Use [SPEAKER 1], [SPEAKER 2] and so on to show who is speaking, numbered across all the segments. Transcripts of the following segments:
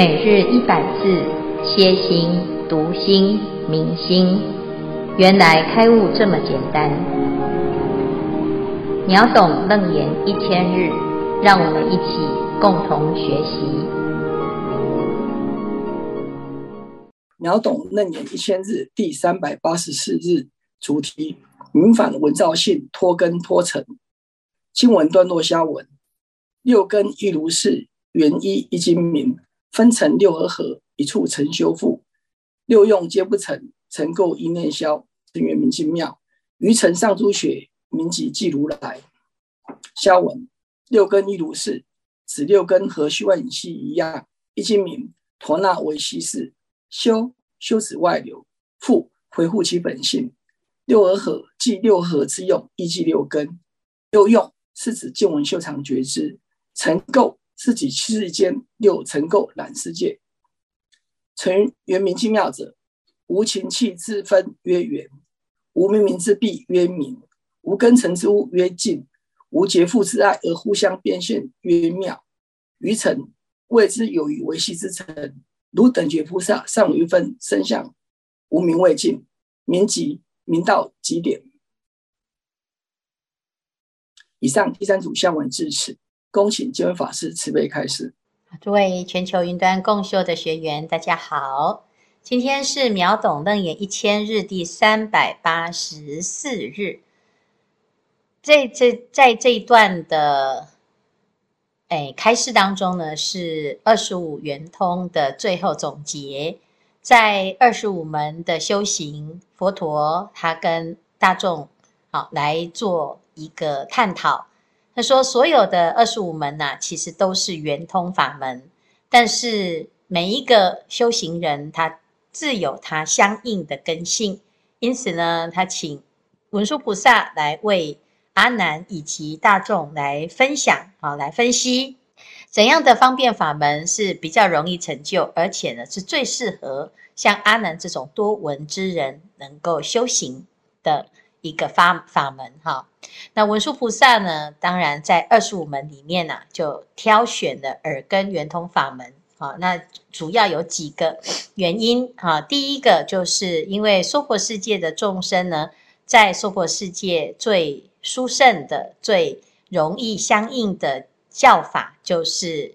[SPEAKER 1] 每日一百字，歇心讀心明心，原來開悟這麼簡單。秒懂楞嚴一千日，讓我們一起共同學習。
[SPEAKER 2] 秒懂楞嚴一千日第三百八十四日主題：明返聞照性，脫根脫塵。經文段落文：下文六根一如是，元一一精明。分成六和合，合，一處成休復，六用皆不成，塵垢一念消。成圓明淨妙，餘塵尚諸學，明極即如來。消文六根亦如是，指六根和虛幻影戲一樣，一精明，名陀那微細識。休，休止外流，復回復其本性。六和合即六合之用，亦即六根。六用是指見聞嗅嘗覺知，塵垢。自己世間六塵垢染世界，成元明精妙者，無情器之分曰元，無明明之弊曰明，無根塵之物曰精，無結縛之愛而互相變現曰妙。於成謂之有餘維繫之成，如等覺菩薩尚餘分生相，無明未盡，明極明到極點。以上第三組相文至此。恭請見輝法師慈悲開示。
[SPEAKER 1] 諸位全球雲端共修的學員，大家好。今天是秒懂楞嚴一千日第三百八十四日。這、這、在這一段的，哎，開示當中呢，是二十五圓通的最後總結。在二十五門的修行，佛陀他跟大眾，好、哦、來做一個探討。說所有的二十五門吶、啊，其實都是圓通法門，但是每一個修行人他自有他相應的根性，因此呢，他請文殊菩薩來為阿難以及大眾來分享啊，來分析怎樣的方便法門是比較容易成就，而且呢，是最適合像阿難這種多聞之人能夠修行的。一個法法門哈，那文殊菩薩呢，當然在二十五門裡面呢、啊，就挑選了耳根圓通法門啊。那主要有幾個原因啊，第一個就是因為娑婆世界的眾生呢，在娑婆世界最殊勝的、最容易相應的教法就是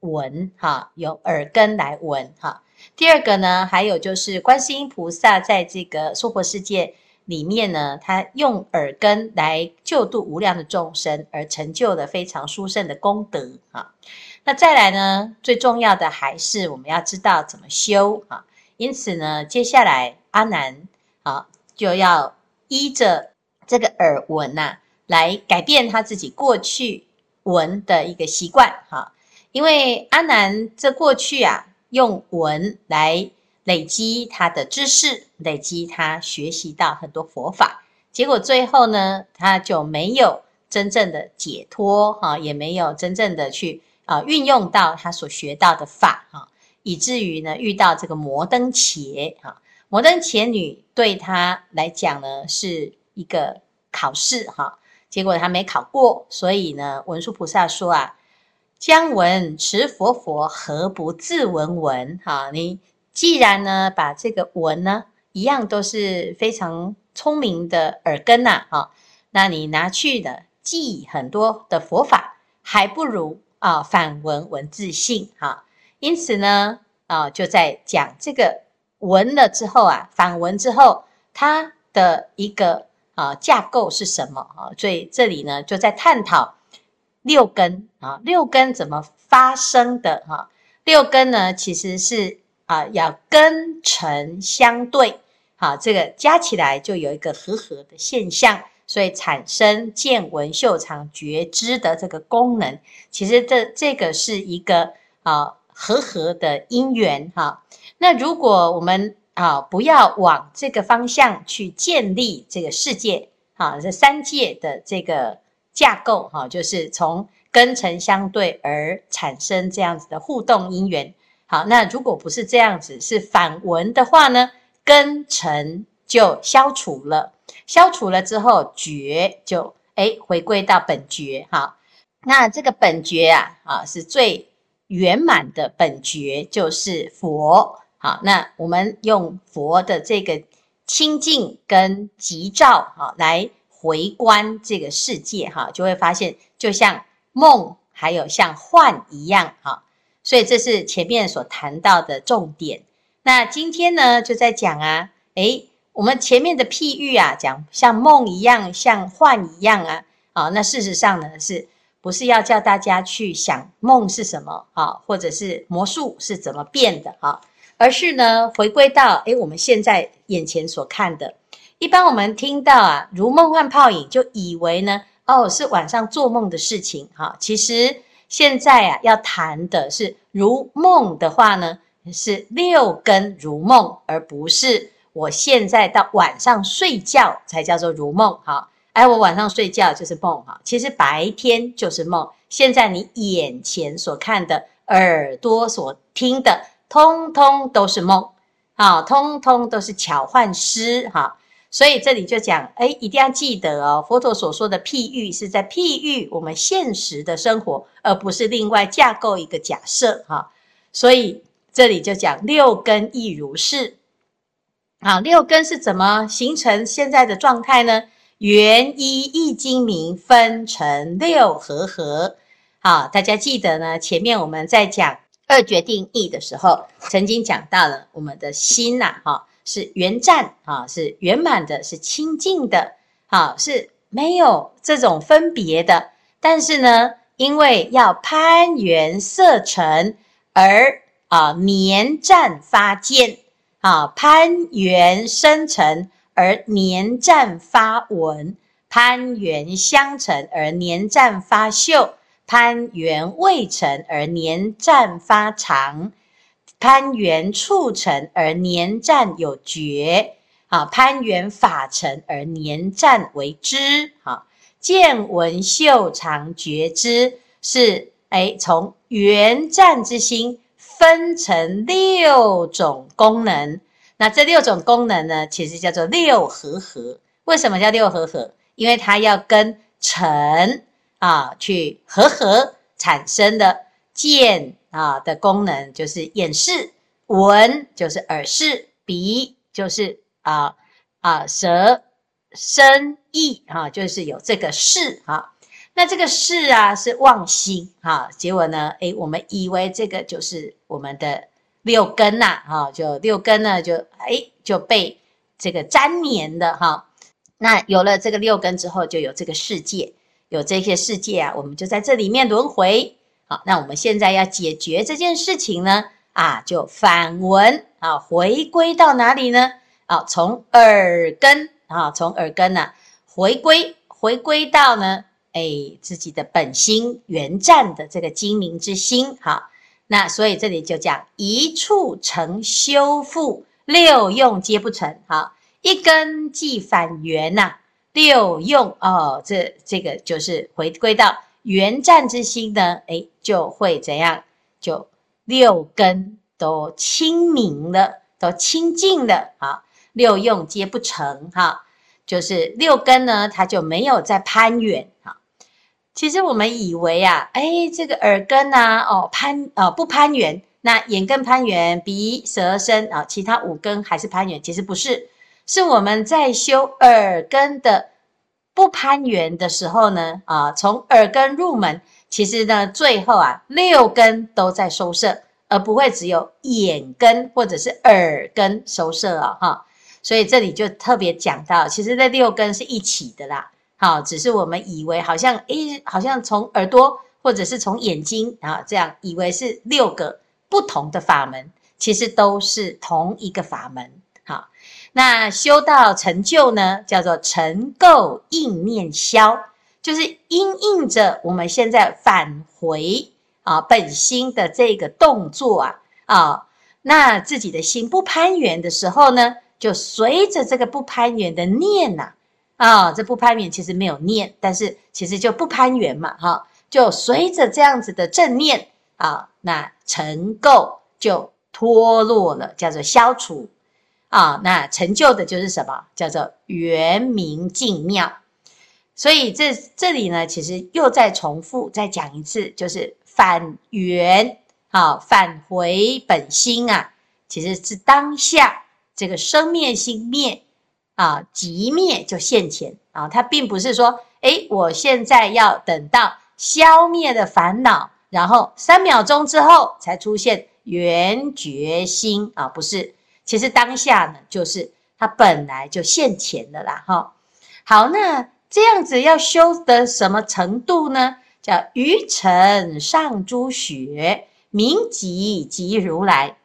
[SPEAKER 1] 聞哈，由耳根來聞哈。第二個呢，還有就是觀世音菩薩在這個娑婆世界。裡面呢，他用耳根來救度無量的眾生，而成就了非常殊勝的功德啊。那再來呢，最重要的還是我們要知道怎麼修啊。因此呢，接下來阿難啊，就要依着這個耳聞吶、啊，來改變他自己過去聞的一個習慣哈。因為阿難這過去啊，用聞來。累積他的知識，累積他學習到很多佛法，結果最後呢，他就沒有真正的解脫哈，也沒有真正的去啊運、呃、用到他所學到的法哈，以至於呢遇到這個摩登伽哈，摩登伽女對他來講呢是一個考試哈，結果他沒考過，所以呢文殊菩薩說啊，將聞持佛佛何不自聞聞哈、啊、你。既然呢，把這個聞呢，一樣都是非常聰明的耳根吶，啊，那你拿去的記很多的佛法，還不如啊反聞聞自性哈。因此呢，啊就在講這個聞了之後啊，反聞之後，它的一個啊架構是什麼啊？所以這裡呢就在探討六根啊，六根怎麼發生的哈？六根呢其實是，啊，要根塵相對，好，啊，這個加起來就有一個和合的現象，所以產生見聞嗅嘗覺知的這個功能。其實這這個是一個啊和合的因緣哈、啊。那如果我們啊不要往這個方向去建立這個世界啊，這三界的這個架構哈，啊，就是從根塵相對而產生這樣子的互動因緣。好，那如果不是這樣子，是返聞的話呢？根塵就消除了，消除了之後覺就哎、欸、回歸到本覺哈。那這個本覺啊，啊是最圓滿的本覺，就是佛。好，那我們用佛的這個清淨跟吉兆哈、啊、來回觀這個世界哈、啊，就會發現就像夢還有像幻一樣哈。啊所以這是前面所談到的重點。那今天呢，就在講啊，誒，我們前面的譬喻啊，講像夢一樣，像幻一樣啊，啊、哦，那事實上呢，是不是要叫大家去想夢是什麼啊、哦，或者是魔術是怎麼變的啊、哦？而是呢，回歸到，誒，我們現在眼前所看的。一般我們聽到啊，如夢幻泡影，就以為呢，哦，是晚上做夢的事情哈、哦，其實。現在呀、啊，要談的是如夢的話呢，是六根如夢，而不是我現在到晚上睡覺才叫做如夢哈、哎。我晚上睡覺就是夢哈，其實白天就是夢。現在你眼前所看的，耳朵所聽的，通通都是夢，啊，通通都是巧幻師哈。所以這裡就講，誒，一定要記得哦。佛陀所說的譬喻是在譬喻我們現實的生活，而不是另外架構一個假設哈、哦。所以這裡就講六根亦如是，啊、哦，六根是怎麼形成現在的狀態呢？元依一精明，分成六和合，合。好、哦，大家記得呢，前面我們在講二決定義的時候，曾經講到了我們的心吶、啊，哈、哦。是圓湛啊，是圓滿的，是清淨的，啊，是沒有這種分別的。但是呢，因為要攀緣色塵，而啊，黏湛發見啊，攀緣聲塵而黏湛發聞，攀緣香塵而黏湛發嗅，攀緣味塵，而黏湛發嘗。攀緣色塵而黏湛有覺，啊，攀緣法塵而黏湛為知，啊，見聞嗅嘗覺知是，哎，從圓湛之心分成六種功能。那這六種功能呢，其實叫做六和合。為什麼叫六和合？因為它要跟塵啊去和合產生的。見啊的功能就是眼識，聞就是耳識，鼻就是啊啊舌身意啊就是有這個識啊，那這個識啊是妄心啊，結果呢，誒，我們以為這個就是我們的六根吶、啊，哈就六根呢就誒，就被這個粘黏的哈，那有了這個六根之後，就有這個世界，有這些世界啊，我們就在這裡面輪迴。好，那我們現在要解決這件事情呢，啊，就返聞啊，回歸到哪裡呢？啊，從耳根啊，從耳根呢、啊，回歸，回歸到呢，哎，自己的本心原湛的這個精明之心。好，那所以這裡就講一處成修復，六用皆不成。好，一根既返原吶，六用哦，這這個就是回歸到。元湛之心呢？誒、欸，就會怎樣？就六根都清明的，都清淨的，啊、哦，六用皆不成哈、哦。就是六根呢，它就沒有在攀緣哈、哦。其實我們以為啊，誒、欸，這個耳根啊，哦，攀，呃、哦，不攀緣，那眼根攀緣，鼻舌身、舌、身啊，其他五根還是攀緣，其實不是，是我們在修耳根的。不攀緣的時候呢，啊，從耳根入門，其實呢，最後啊，六根都在收攝，而不會只有眼根或者是耳根收攝哦，哈。所以這裡就特別講到，其實那六根是一起的啦。好，只是我們以為好像，誒、欸，好像從耳朵或者是從眼睛啊，這樣以為是六個不同的法門，其實都是同一個法門。那修道成就呢，叫做塵垢應念消，就是因應著我們現在返回啊本心的這個動作啊啊，那自己的心不攀緣的時候呢，就隨着這個不攀緣的念吶啊，啊，這不攀緣其實沒有念，但是其實就不攀緣嘛哈、啊，就隨着這樣子的正念啊，那塵垢就脫落了，叫做消除。啊，那成就的就是什麼？叫做圓明淨妙。所以這這裡呢，其實又再重複，再講一次，就是返源啊，返回本心啊，其實是當下這個生滅心滅啊，即滅就現前啊，它並不是說，誒，我現在要等到消滅的煩惱，然後三秒鐘之後才出現圓覺心啊，不是。其實當下呢，就是他本來就現前的啦，哈。好，那這樣子要修的什麼程度呢？叫餘塵尚諸學，明極即如來。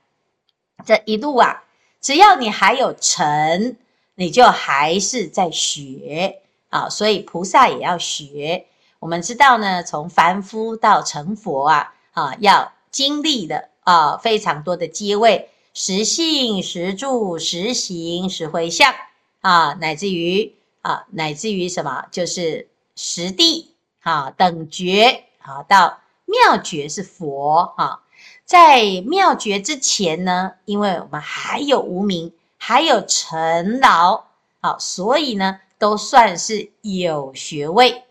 [SPEAKER 1] 這一路啊，只要你還有塵，你就還是在學啊。所以菩薩也要學。我們知道呢，從凡夫到成佛啊，啊，要經歷的啊，非常多的階位。十信、十住、十行、十迴向啊，乃至於啊，乃至於什麼，就是十地啊，等覺啊，到妙覺是佛啊。在妙覺之前呢，因為我們還有無明，還有塵勞，啊，所以呢，都算是有學位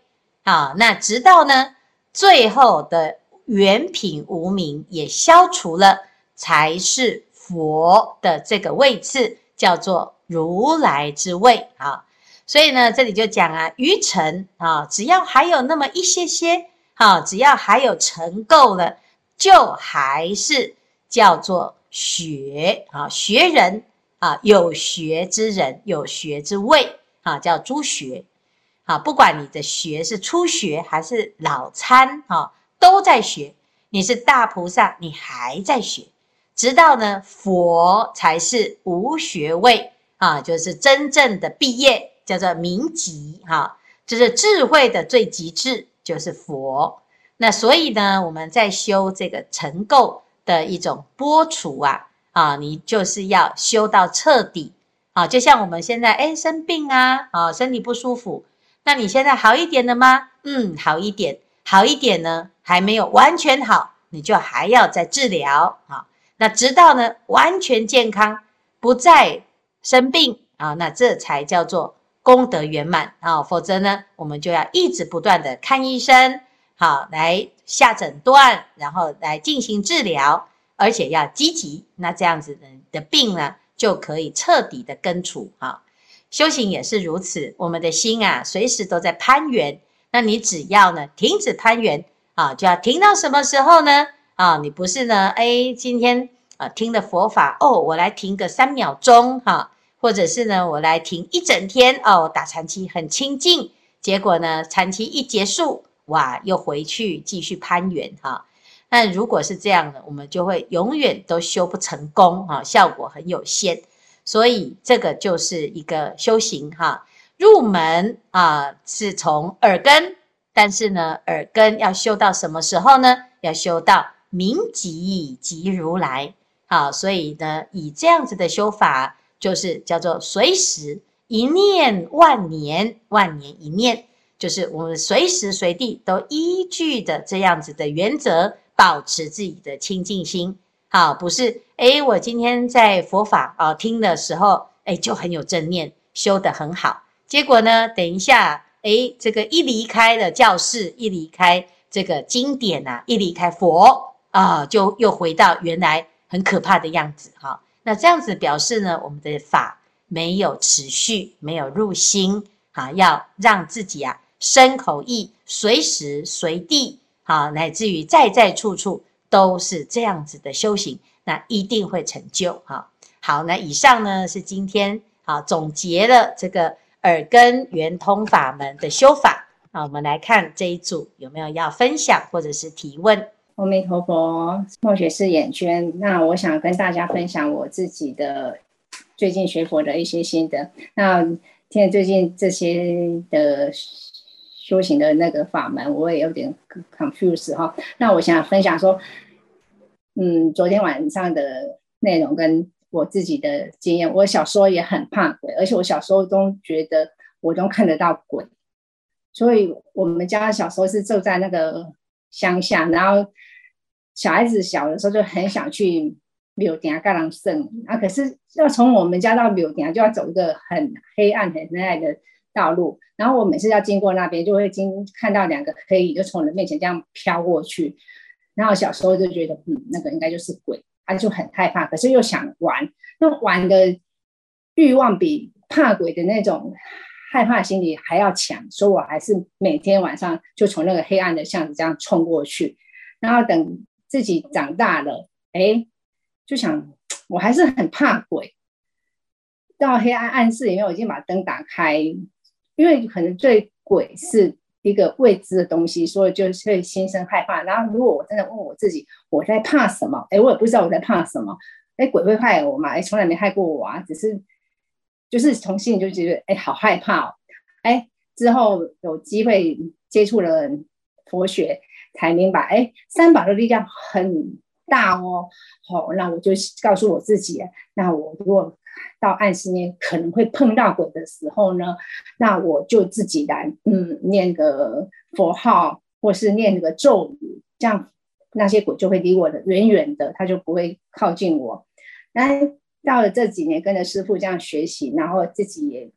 [SPEAKER 1] 啊。那直到呢，最後的原品無明也消除了，才是，佛的這個位置叫做如來之位啊，所以呢，這裡就講啊，於塵啊，只要還有那麼一些些啊，只要還有塵垢了，就還是叫做學啊，學人啊，有學之人，有學之位啊，叫諸學啊，不管你的學是初學還是老參啊，都在學。你是大菩薩，你還在學。直到呢，佛才是無學位啊，就是真正的畢業，叫做明極哈、啊，就是智慧的最極致，就是佛。那所以呢，我們在修這個塵垢的一種撥除啊，啊，你就是要修到徹底啊。就像我們現在哎生病啊啊，身體不舒服，那你現在好一點了嗎？嗯，好一點，好一點呢，還沒有完全好，你就還要再治療啊。那直到呢，完全健康，不再生病啊，那這才叫做功德圓滿啊。否則呢，我們就要一直不斷的看醫生，好、啊、來下診斷，然後來進行治療，而且要積極。那這樣子的的病呢，就可以徹底的根除啊。修行也是如此，我們的心啊，隨時都在攀緣。那你只要呢，停止攀緣啊，就要停到什麼時候呢？啊、哦，你不是呢？哎，今天啊，聽的佛法哦，我來停個三秒鐘哈、啊，或者是呢，我來停一整天哦，打禪七很清淨，結果呢，禪七一結束，哇，又回去繼續攀緣哈。那、啊、如果是這樣的，我們就會永遠都修不成功啊，效果很有限。所以這個就是一個修行哈、啊，入門啊，是從耳根，但是呢，耳根要修到什麼時候呢？要修到。明極即如來，啊，所以呢，以這樣子的修法，就是叫做隨時一念萬年，萬年一念，就是我們隨時隨地都依據的這樣子的原則，保持自己的清淨心。好、啊，不是，哎，我今天在佛法啊聽的時候，哎，就很有正念，修得很好。結果呢，等一下，哎，這個一離開了教室，一離開這個經典啊，一離開佛。啊，就又回到原來很可怕的樣子哈。那這樣子表示呢，我們的法沒有持續，沒有入心啊，要讓自己啊，身口意隨時隨地哈、啊，乃至於在在處處都是這樣子的修行，那一定會成就哈、啊。好，那以上呢是今天啊總結了這個耳根圓通法門的修法。啊，我們來看這一組有沒有要分享或者是提問？
[SPEAKER 3] 阿彌陀佛，末學是演圈，那我想跟大家分享我自己的最近學佛的一些心得。那現在最近這些的修行的那個法門，我也有點 confused 哈。那我想分享說，嗯，昨天晚上的內容跟我自己的經驗。我小時候也很怕鬼，而且我小時候都覺得我都看得到鬼。所以我們家小時候是住在那個鄉下，然後。小孩子小的時候就很想去廟埕跟人玩，啊，可是要從我們家到廟埕就要走一個很黑暗很黑暗的道路。然後我每次要經過那邊，就會經看到兩個黑影就從我的面前這樣飄過去。然後小時候就覺得，嗯，那個應該就是鬼，他、啊、就很害怕，可是又想玩，那玩的慾望比怕鬼的那種害怕心理還要強，所以我還是每天晚上就從那個黑暗的巷子這樣衝過去，然後等。自己長大了，哎，就想，我還是很怕鬼。到黑暗暗室裡面，我已經把燈打開，因為可能對鬼是一個未知的東西，所以就會心生害怕。然後，如果我真的問我自己，我在怕什麼？哎，我也不知道我在怕什麼。哎，鬼會害我嗎？哎，從來沒害過我啊，只是，就是從心裡就覺得，哎，好害怕哦。哎，之後有機會接觸了佛學。才明白，哎，三寶的力量很大哦。好，那我就告訴我自己，那我如果到暗室念，可能會碰到鬼的時候呢，那我就自己來，嗯，念個佛號，或是念個咒語，這樣那些鬼就會離我的遠遠的，他就不會靠近我。那到了這幾年跟着師父這樣學習，然後自己也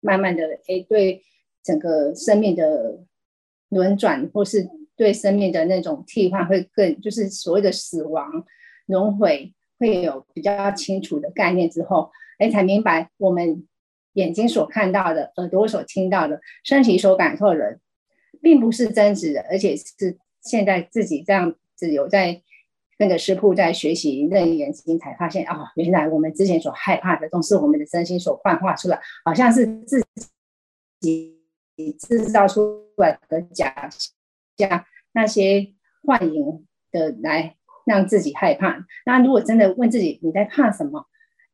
[SPEAKER 3] 慢慢的，哎，對整個生命的輪轉或是。對生命的那種替換會更，就是所謂的死亡、融毀，會有比較清楚的概念之後，哎，才明白我們眼睛所看到的、耳朵所聽到的、身體所感受的，並不是真實的，而且是現在自己這樣子有在跟着師傅在學習認眼睛，才發現啊、哦，原來我們之前所害怕的，都是我們的身心所幻化出來，好像是自己制造出來的假象。加那些幻影的來讓自己害怕。那如果真的問自己，你在怕什麼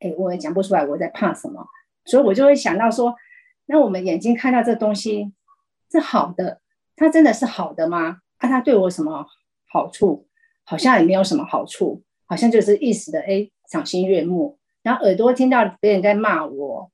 [SPEAKER 3] 誒？我也講不出來我在怕什麼。所以我就會想到說，那我們眼睛看到這東西是好的，它真的是好的嗎？那、啊、它對我什麼好處？好像也沒有什麼好處，好像就是一時的哎賞心悅目。然後耳朵聽到別人在罵我，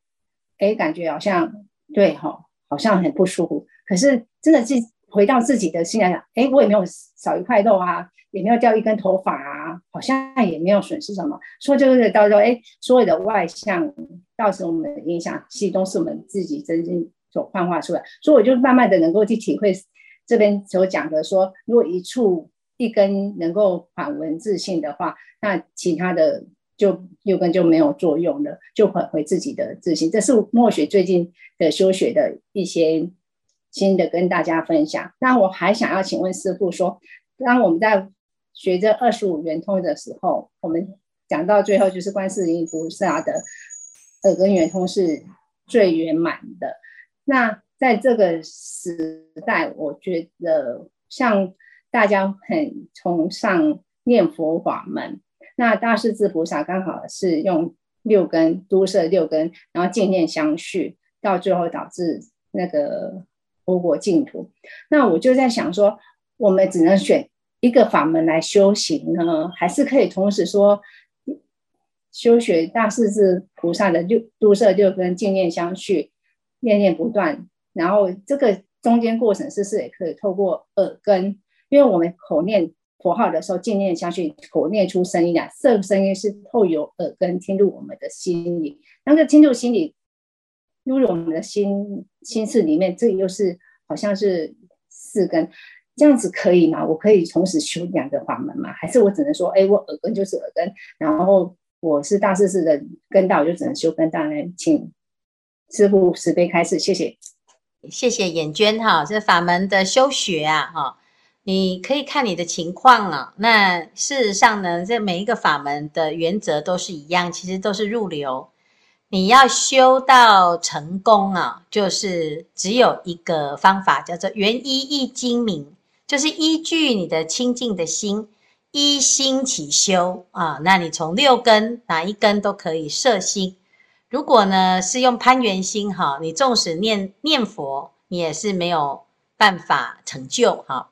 [SPEAKER 3] 哎，感覺好像對吼、哦，好像很不舒服。可是真的是，是回到自己的心來講，哎、欸，我也沒有少一塊肉啊，也沒有掉一根頭髮啊，好像也沒有損失什麼。所以就是到時候，哎、欸，所有的外相，到時候我們的影響系都是我們自己真心所幻化出來。所以我就慢慢的能夠去體會這邊所講的說，說如果一處一根能夠返聞自性的話，那其他的就六根就沒有作用了，就回回自己的自性。這是末學最近的修學的一些。新的跟大家分享。那我還想要請問師父說，當我們在學這二十五圓通的時候，我們講到最後就是觀世音菩薩的耳根圓通是最圓滿的。那在這個時代，我覺得像大家很崇尚念佛法門，那大勢至菩薩剛好是用六根，都攝六根，然後淨念相續，到最後導致那個。佛國淨土，那我就在想說，我們只能選一個法門來修行呢，還是可以同時說修學大勢至菩薩的都攝六根，淨念相續，念念不斷。然後這個中間過程是，是不是也可以透過耳根？因為我們口念佛號的時候，淨念相續，口念出聲音啊，色聲音是透由耳根聽入我們的心裡，那個聽入心裡。入我們的心心識裡面，這又是好像是四根，這樣子可以嗎？我可以同時修兩個法門嗎？還是我只能說，哎，我耳根就是耳根，然後我是大勢至的根道，我就只能修根道呢？請師父慈悲開示，謝
[SPEAKER 1] 謝，謝謝眼娟哈，這法門的修學啊，哈，你可以看你的情況啊。那事實上呢，這每一個法門的原則都是一樣，其實都是入流。你要修到成功啊，就是只有一個方法，叫做元依一精明，就是依據你的清淨的心，一心起修啊。那你從六根哪一根都可以攝心。如果呢是用攀緣心哈、啊，你縱使念念佛，你也是沒有辦法成就哈、啊。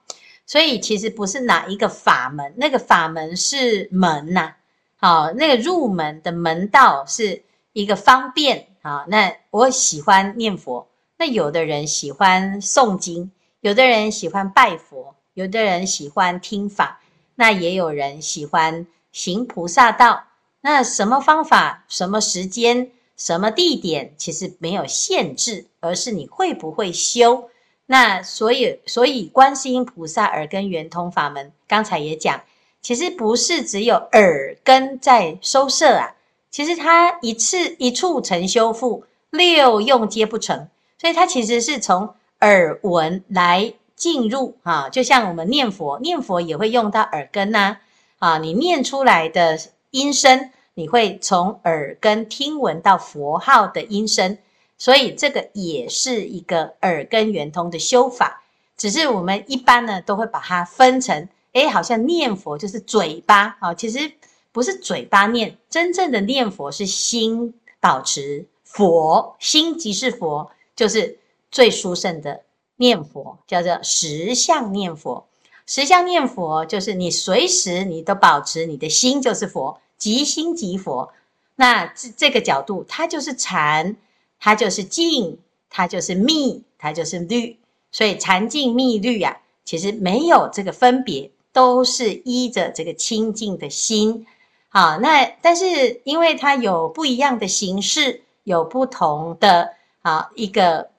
[SPEAKER 1] 所以其實不是哪一個法門，那個法門是門吶、啊，好、啊，那個入門的門道是。一個方便啊，那我喜歡念佛，那有的人喜歡誦經，有的人喜歡拜佛，有的人喜歡聽法，那也有人喜歡行菩薩道。那什麼方法，什麼時間，什麼地點，其實沒有限制，而是你會不會修。那所以，所以觀世音菩薩耳根圓通法門，剛才也講，其實不是只有耳根在收攝啊。其實它，一次一處成休復，六用皆不成，所以它其實是從耳聞來進入啊，就像我們念佛，念佛也會用到耳根吶、啊。啊，你念出來的音聲，你會從耳根聽聞到佛號的音聲，所以這個也是一個耳根圓通的修法。只是我們一般呢，都會把它分成，哎，好像念佛就是嘴巴啊，其實。不是嘴巴念，真正的念佛是心保持佛心，即是佛，就是最殊勝的念佛，叫做實相念佛。實相念佛就是你隨時你都保持你的心就是佛，即心即佛。那這這個角度，它就是禪，它就是淨，它就是密，它就是律。所以禪、淨、密、律啊，其實沒有這個分別，都是依着這個清淨的心。啊，那但是因為它有不一樣的形式，有不同的啊一個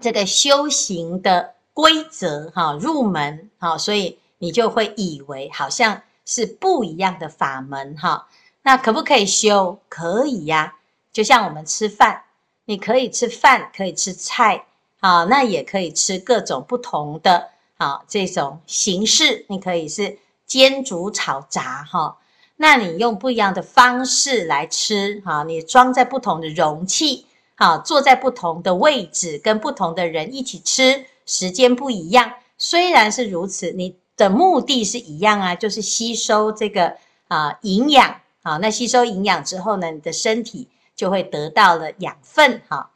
[SPEAKER 1] 這個修行的規則哈、啊，入門哈、啊，所以你就會以為好像是不一樣的法門哈、啊。那可不可以修？可以呀、啊，就像我們吃飯，你可以吃飯，可以吃菜，啊，那也可以吃各種不同的啊這種形式，你可以是煎煮炒、煮、啊、炒、炸哈。那你用不一樣的方式來吃，哈，你裝在不同的容器，哈，坐在不同的位置，跟不同的人一起吃，時間不一樣。雖然是如此，你的目的是一樣啊，就是吸收這個啊營養，啊，那吸收營養之後呢，你的身體就會得到了養分，哈。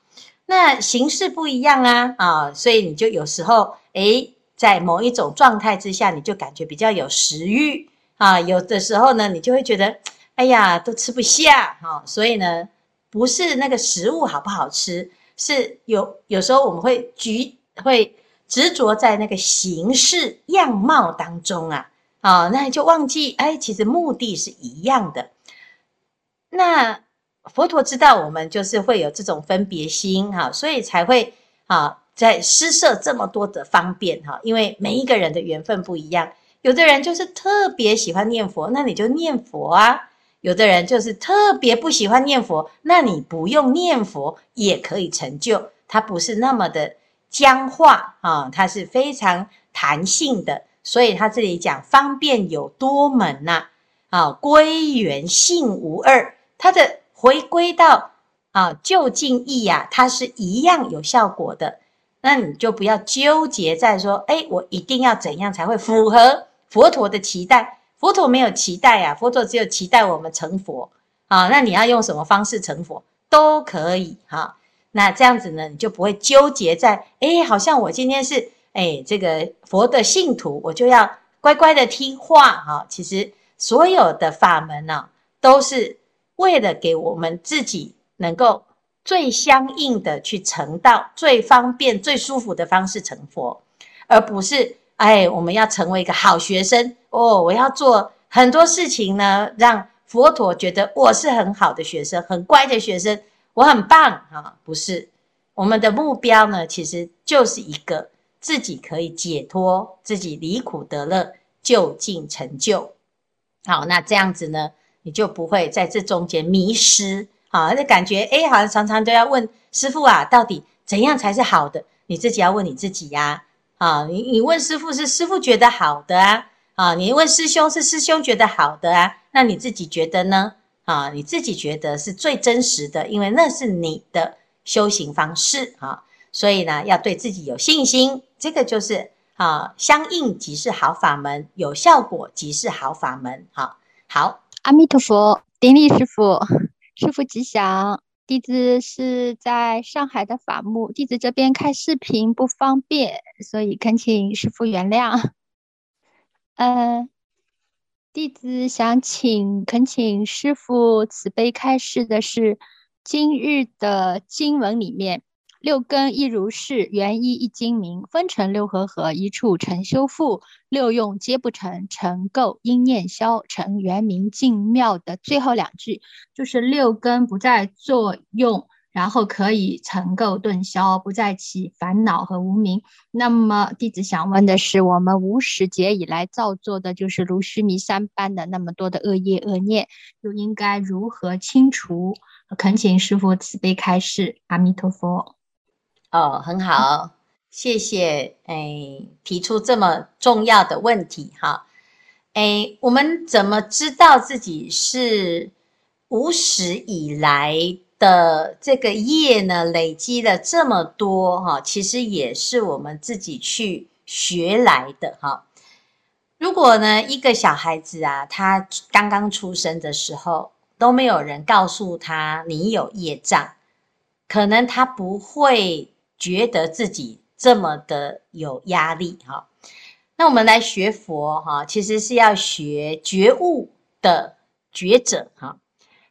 [SPEAKER 1] 那形式不一樣啊，啊，所以你就有時候誒，在某一種狀態之下，你就感覺比較有食欲。啊，有的時候呢，你就會覺得，哎呀，都吃不下哈、哦，所以呢，不是那個食物好不好吃，是有有時候我們會局會執着在那個形式樣貌當中啊，啊、哦，那就忘記哎，其實目的是一樣的。那佛陀知道我們就是會有這種分別心哈、哦，所以才會啊、哦，在施設這麼多的方便哈、哦，因為每一個人的緣分不一樣。有的人就是特別喜歡念佛，那你就念佛啊；有的人就是特別不喜歡念佛，那你不用念佛也可以成就。它不是那麼的僵化啊，它是非常彈性的。所以它這裡講方便有多門吶、啊，啊，歸元性無二，它的回歸到啊就近義呀、啊，它是一樣有效果的。那你就不要糾結在說，哎、欸，我一定要怎樣才會符合。佛陀的期待，佛陀沒有期待啊，佛陀只有期待我們成佛啊。那你要用什麼方式成佛都可以哈。那這樣子呢，你就不會糾結在哎，好像我今天是哎，這個佛的信徒，我就要乖乖的聽話哈。其實所有的法門呢，都是為了給我們自己能夠最相應的去成道，最方便、最舒服的方式成佛，而不是。哎，我們要成為一個好學生哦！我要做很多事情呢，讓佛陀覺得我是很好的學生，很乖的學生，我很棒啊！不是，我們的目標呢，其實就是一個自己可以解脫，自己離苦得樂，就近成就。好，那這樣子呢，你就不會在這中間迷失啊！那感覺哎，好像常常都要問師父啊，到底怎樣才是好的？你自己要問你自己呀、啊。啊，你你問師傅是師傅覺得好的啊，啊，你問師兄是師兄覺得好的啊，那你自己覺得呢？啊，你自己覺得是最真實的，因為那是你的修行方式啊，所以呢，要對自己有信心，這個就是啊，相應即是好法門，有效果即是好法門。好、啊，好，
[SPEAKER 4] 阿彌陀佛，頂禮師傅，師傅吉祥。弟子是在上海的法木，弟子這邊看視頻不方便，所以懇請師傅原諒。嗯，弟子想請，懇請師傅慈悲開示的是今日的經文裡面。六根亦如是，元依一精明。分成六和合，一處成休復。六用皆不成，成垢應念消。成圓明淨妙的最後兩句，就是六根不再作用，然後可以成垢頓消，不再起煩惱和無明。那麼弟子想問的是，我們無始劫以來造作的，就是如須彌山般的那麼多的惡業惡念，又應該如何清除？懇請師父慈悲開示。阿彌陀佛。哦，
[SPEAKER 1] 很好，謝謝。誒、哎、提出這麼重要的問題哈，誒、哦哎、我們怎麼知道自己是無始以來的這個業呢？累積了這麼多哈、哦，其實也是我們自己去學來的哈、哦。如果呢，一個小孩子啊，他剛剛出生的時候都沒有人告訴他你有業障，可能他不會。覺得自己這麼的有壓力哈，那我們來學佛哈，其實是要學覺悟的覺者哈。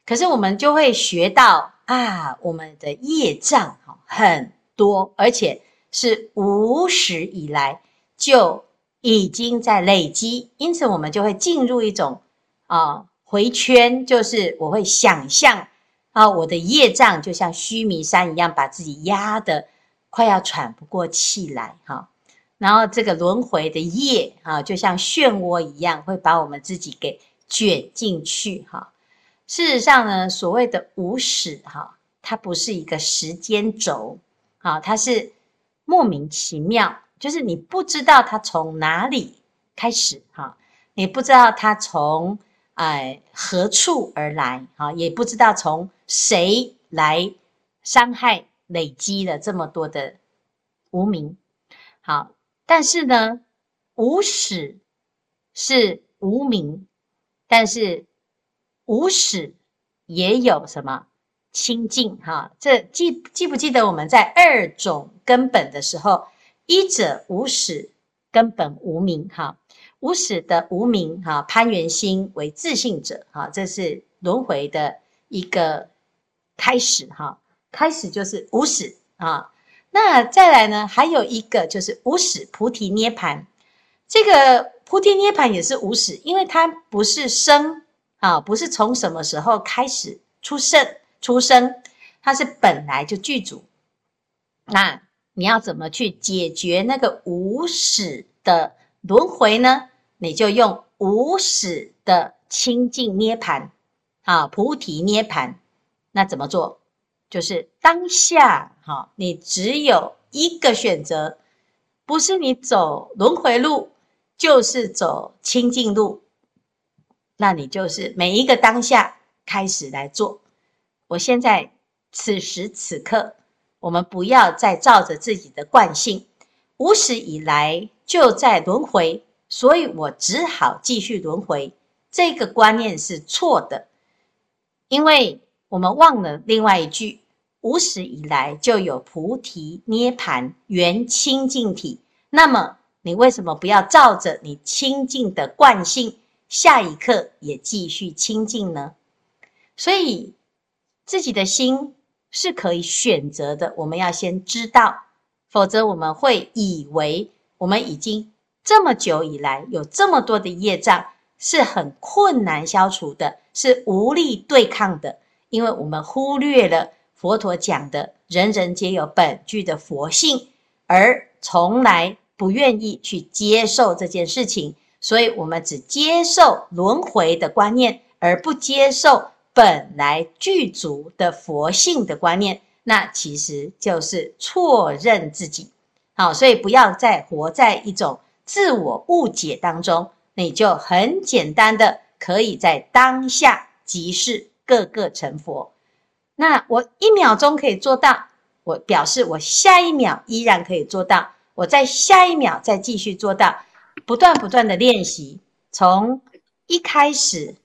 [SPEAKER 1] 可是我們就會學到啊，我們的業障哈很多，而且是無始以來就已經在累積，因此我們就會進入一種啊回圈，就是我會想象啊，我的業障就像須彌山一樣，把自己壓得快要喘不過氣來哈，然後這個輪迴的業啊，就像漩渦一樣，會把我們自己給捲進去哈。事實上呢，所謂的無始哈，它不是一個時間軸啊，它是莫名其妙，就是你不知道它從哪裡開始哈，你不知道它從哎、呃、何處而來哈，也不知道從誰來傷害。累積了這麼多的無明，好，但是呢，無始是無明，但是無始也有什麼清淨哈、啊？這記記不記得我們在二種根本的時候，一者無始根本無明哈、啊，無始的無明哈、啊，攀緣心為自性者哈、啊，這是輪回的一個開始哈。啊開始就是無始啊，那再來呢？還有一個就是無始菩提涅槃，這個菩提涅槃也是無始，因為它不是生啊，不是從什麼時候開始出生、出生，它是本來就具足。那你要怎麼去解決那個無始的輪回呢？你就用無始的清淨涅槃啊，菩提涅槃。那怎麼做？就是當下，哈，你只有一個選擇，不是你走輪迴路，就是走清淨路。那你就是每一個當下開始來做。我現在此時此刻，我們不要再照着自己的慣性，無始以來就在輪迴，所以我只好繼續輪迴。這個觀念是錯的，因為。我們忘了另外一句：無始以來就有菩提涅槃元清淨體。那麼，你為什麼不要照着你清淨的慣性，下一刻也繼續清淨呢？所以，自己的心是可以選擇的。我們要先知道，否則我們會以為我們已經這麼久以來有這麼多的業障，是很困難消除的，是無力對抗的。因為我們忽略了佛陀講的“人人皆有本具的佛性”，而從來不願意去接受這件事情，所以我們只接受輪迴的觀念，而不接受本來具足的佛性的觀念。那其實就是錯認自己。好，所以不要再活在一種自我誤解當中，你就很簡單的可以在當下即是。各個成佛，那我一秒鐘可以做到，我表示我下一秒依然可以做到，我在下一秒再繼續做到，不斷不斷的練習，從一開始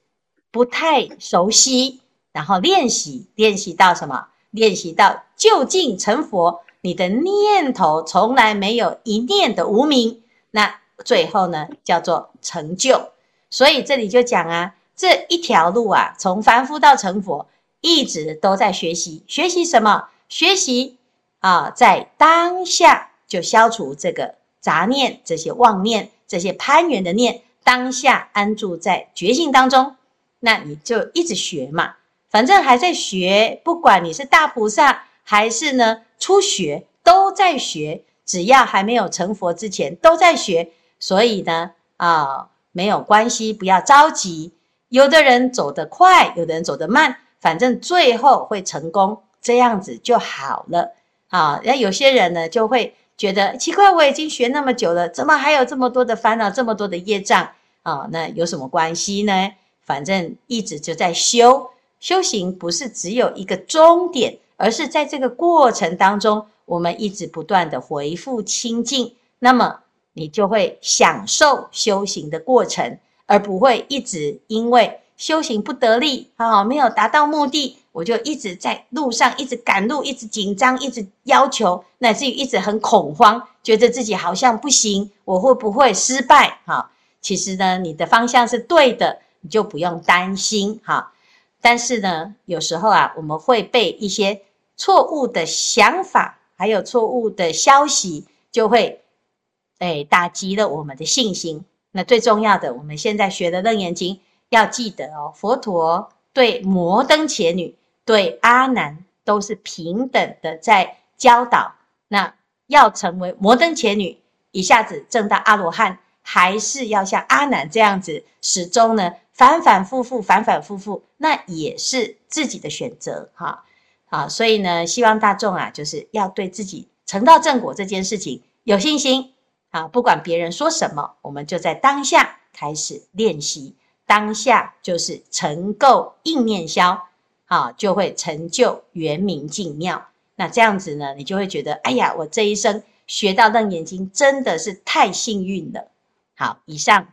[SPEAKER 1] 不太熟悉，然後練習練習到什麼？練習到究竟成佛，你的念頭從來沒有一念的無明，那最後呢，叫做成就，所以這裡就講啊。這一條路啊，從凡夫到成佛，一直都在學習。學習什麼？學習啊、呃，在當下就消除這個雜念、這些妄念、這些攀緣的念，當下安住在覺性當中。那你就一直學嘛，反正還在學。不管你是大菩薩還是呢初學，都在學。只要還沒有成佛之前，都在學。所以呢，啊、呃，沒有關係，不要着急。有的人走得快，有的人走得慢，反正最後會成功，這樣子就好了啊。那有些人呢，就會覺得奇怪，我已經學那麼久了，怎麼還有這麼多的煩惱，這麼多的業障啊？那有什麼關係呢？反正一直就在修，修行不是只有一個終點，而是在這個過程當中，我們一直不斷的回復清淨，那麼你就會享受修行的過程。而不會一直因為修行不得力啊，沒有達到目的，我就一直在路上，一直趕路，一直緊張，一直要求，乃至於一直很恐慌，覺得自己好像不行，我會不會失敗？哈，其實呢，你的方向是對的，你就不用擔心哈。但是呢，有時候啊，我們會被一些錯誤的想法，還有錯誤的消息，就會哎打擊了我們的信心。那最重要的，我們現在學的《楞嚴經》，要記得哦。佛陀對摩登伽女、對阿難都是平等的在教導。那要成為摩登伽女，一下子證到阿羅漢，還是要像阿難這樣子，始終呢，反反复复，反反复复，那也是自己的選擇哈、啊啊。所以呢，希望大眾啊，就是要對自己成道正果這件事情有信心。啊，不管別人說什麼，我們就在當下開始練習。當下就是成垢應念消，好、啊，就會成就圓明淨妙。那這樣子呢，你就會覺得，哎呀，我這一生學到楞嚴經真的是太幸運了。好，以上。